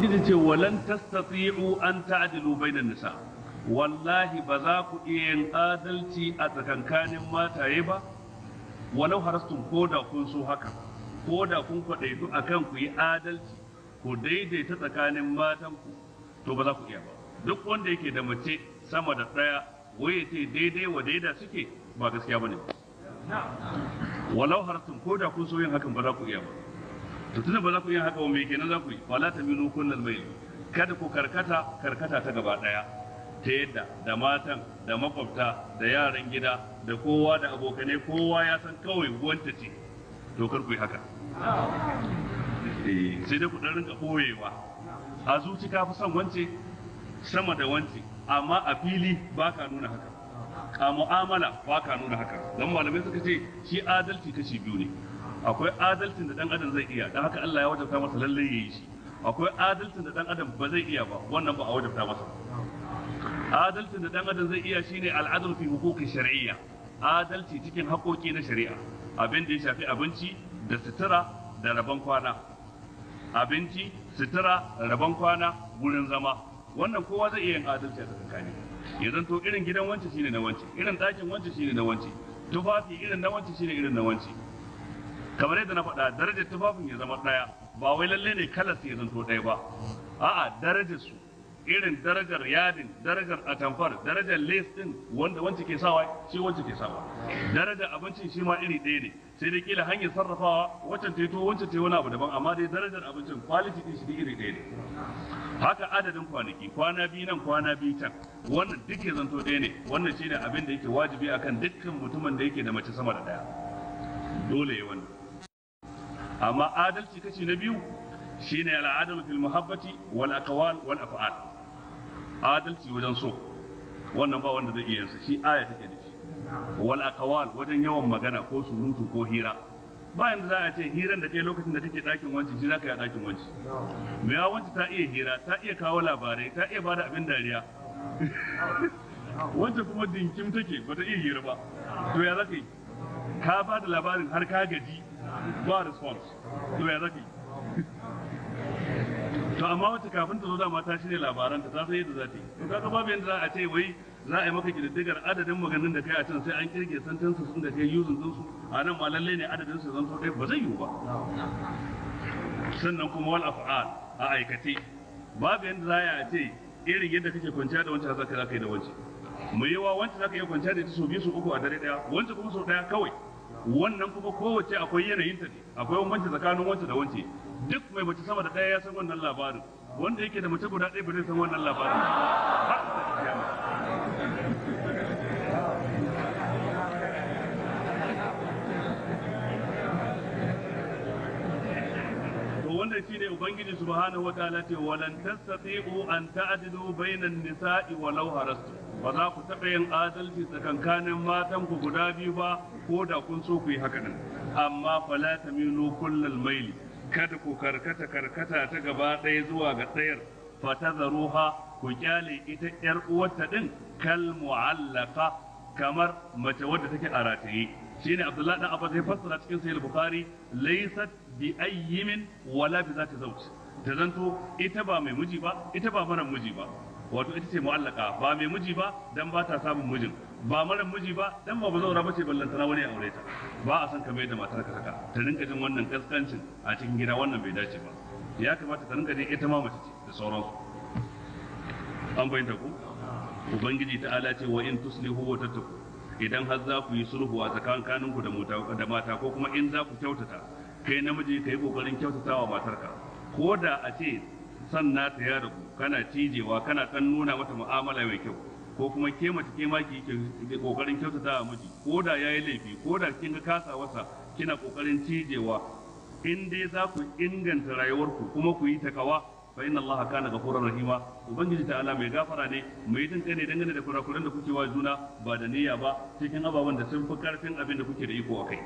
Ubangiji ce walan tastati'u an ta'dilu bainan nisa wallahi ba za ku iya yin adalci a tsakankanin mataye ba walau harastun ko da kun so haka ko da kun a akan ku yi adalci ku daidaita tsakanin matan ku to ba za ku iya ba duk wanda yake da mace sama da ɗaya waye ce daidai wa daida suke ba gaskiya bane walau harastun ko da kun so yin hakan ba za ku iya ba to tunda ba za ku yi haka me kenan za ku yi wala ta tamilu kullal mai. kada ku karkata karkata ta gaba daya ta yadda da matan da makwabta da yaran gida da kowa da abokanai kowa ya san kawai wanta ce to kar ku yi haka eh, sai dai ku dan rinka koyewa. a zuci ka fi son wance sama da wance amma a fili ba ka nuna haka a mu'amala ba ka nuna haka don malamai suka ce shi adalci kashi biyu ne akwai adalcin da dan adam zai iya dan haka Allah ya wajabta masa lalle yayi shi akwai adalcin da dan adam ba zai iya ba wannan ba a wajabta masa adalcin da dan adam zai iya shine al'adl fi huquqi shar'iyya adalci cikin haƙoƙi na shari'a abin da ya shafi abinci da sutura da rabon kwana abinci sutura rabon kwana gurin zama wannan kowa zai iya yin adalci a tsakankani ya zanto irin gidan wance shine na wance irin ɗakin wance shine na wance tufafi irin na wance shine irin na wance kamar yadda na faɗa darajar tufafin ya zama ɗaya ba wai lalle ne kalas su ya zanto ɗaya ba a'a darajar su irin darajar yadin darajar atamfar darajar lace din wanda wance ke sawa shi wance ke sawa darajar abincin shi ma iri ɗaya ne sai dai kila hanyar sarrafawa wancan ta yi tuwo wancan ta yi wani abu daban amma dai darajar abincin kwaliti din shi ne iri ɗaya ne haka adadin kwanaki kwana biyu nan kwana biyu can wannan duk ya zanto ɗaya ne wannan shi ne abin da yake wajibi akan dukkan mutumin da yake da mace sama da ɗaya dole ya wannan amma adalci kashi na biyu shine al'adalu fil muhabbati wal aqwal wal af'al adalci wajen so wannan ba wanda zai iya yansa shi aya take da shi wal aqwal wajen yawan magana ko surutu ko hira bayan da za a ce hiran da ke lokacin da take dakin wanci shi zaka yi a dakin wanci me ya wanci ta iya hira ta iya kawo labarai ta iya bada abin dariya wancan kuma dinkim take ta iya hira ba to ya zaka yi ka bada labarin har ka gaji ba response to ya zaki to amma wacce kafin ta zo dama ta shirya labaran ta san yadda za ta yi to kaga babu yadda za a ce wai za a yi maka kididdigar adadin maganin da kai a can sai an kirge sentences sun da kai yuzun din su a nan ma lalle ne adadin su zan dai ba zai yiwu ba sannan kuma wal af'al a aikace babu yadda za a ce irin yadda kake kwanciya da wancan za ka yi da wancan mu yi wa wancan za ka iya kwanciya da ita sau biyu sau uku a dare daya wancan kuma sau daya kawai wannan kuma kowace akwai yanayin ta akwai wance tsakanin wance da wance duk mai mace sama da ɗaya ya san wannan labarin wanda yake da mace guda ɗaya ba zai san wannan labarin wanda shi ne ubangiji subhanahu wataala ce walan tastati'u an ta'dilu bainan nisa'i walau harastu ba za ku taɓa yin adalci tsakankanin matan ku guda biyu ba ko da kun so ku yi haka nan amma fala tamilu kullal maili kada ku karkata karkata ta gaba ɗaya zuwa ga ɗayar fatazruha ku kyale ita yar uwarta din kal mu'allaqa kamar mace wadda take a rataye shine Abdullahi dan Abbas ya fassara cikin Sahih Bukhari laysat bi ayyimin wala bi zati zawj ta zanto ita ba mai miji ba ita ba mara miji ba wato ita ce mu'allaka ba mai miji ba dan ba ta samun mijin ba mara miji ba dan ba bazaura bace ballantana wani aure ta ba a san ka mai da matar ka haka ta rinka jin wannan kaskancin a cikin gida wannan bai dace ba ya kamata ta rinka jin ita ma mace ce da sauransu an bayyana ku ubangiji ta ala ce wa in tuslihu wa tattaku idan har za ku yi sulhu a tsakankanin ku da mata ko kuma in za ku kyautata kai namiji ka yi kokarin kyautatawa matarka ko da a ce son nata ya rabu kana cijewa kana dan nuna mata mu'amala mai kyau ko kuma ke mace ke maki ke kokarin kyautata miji ko da yayi laifi ko da kin ga kasa wasa kina kokarin cijewa in dai za ku inganta rayuwarku kuma ku yi takawa fa inna allaha kana ghafuran rahima ubangiji ta'ala mai gafara ne mai din kai ne dangane da kurakuran da kuke wa juna ba da niyya ba cikin ababen da sun fi karfin abin da kuke da iko a kai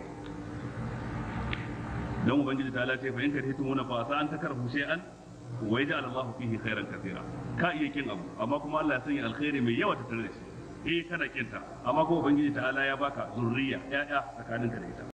dan ubangiji ta'ala sai fa in karhitumuna fa sa an takarhu shay'an wa yaj'al Allahu fihi khairan katira ka iya kin abu amma kuma Allah ya sanya alkhairi mai yawa ta tare da eh kana kinta amma kuma ubangiji ala ya baka zurriya ya'ya tsakaninka da ita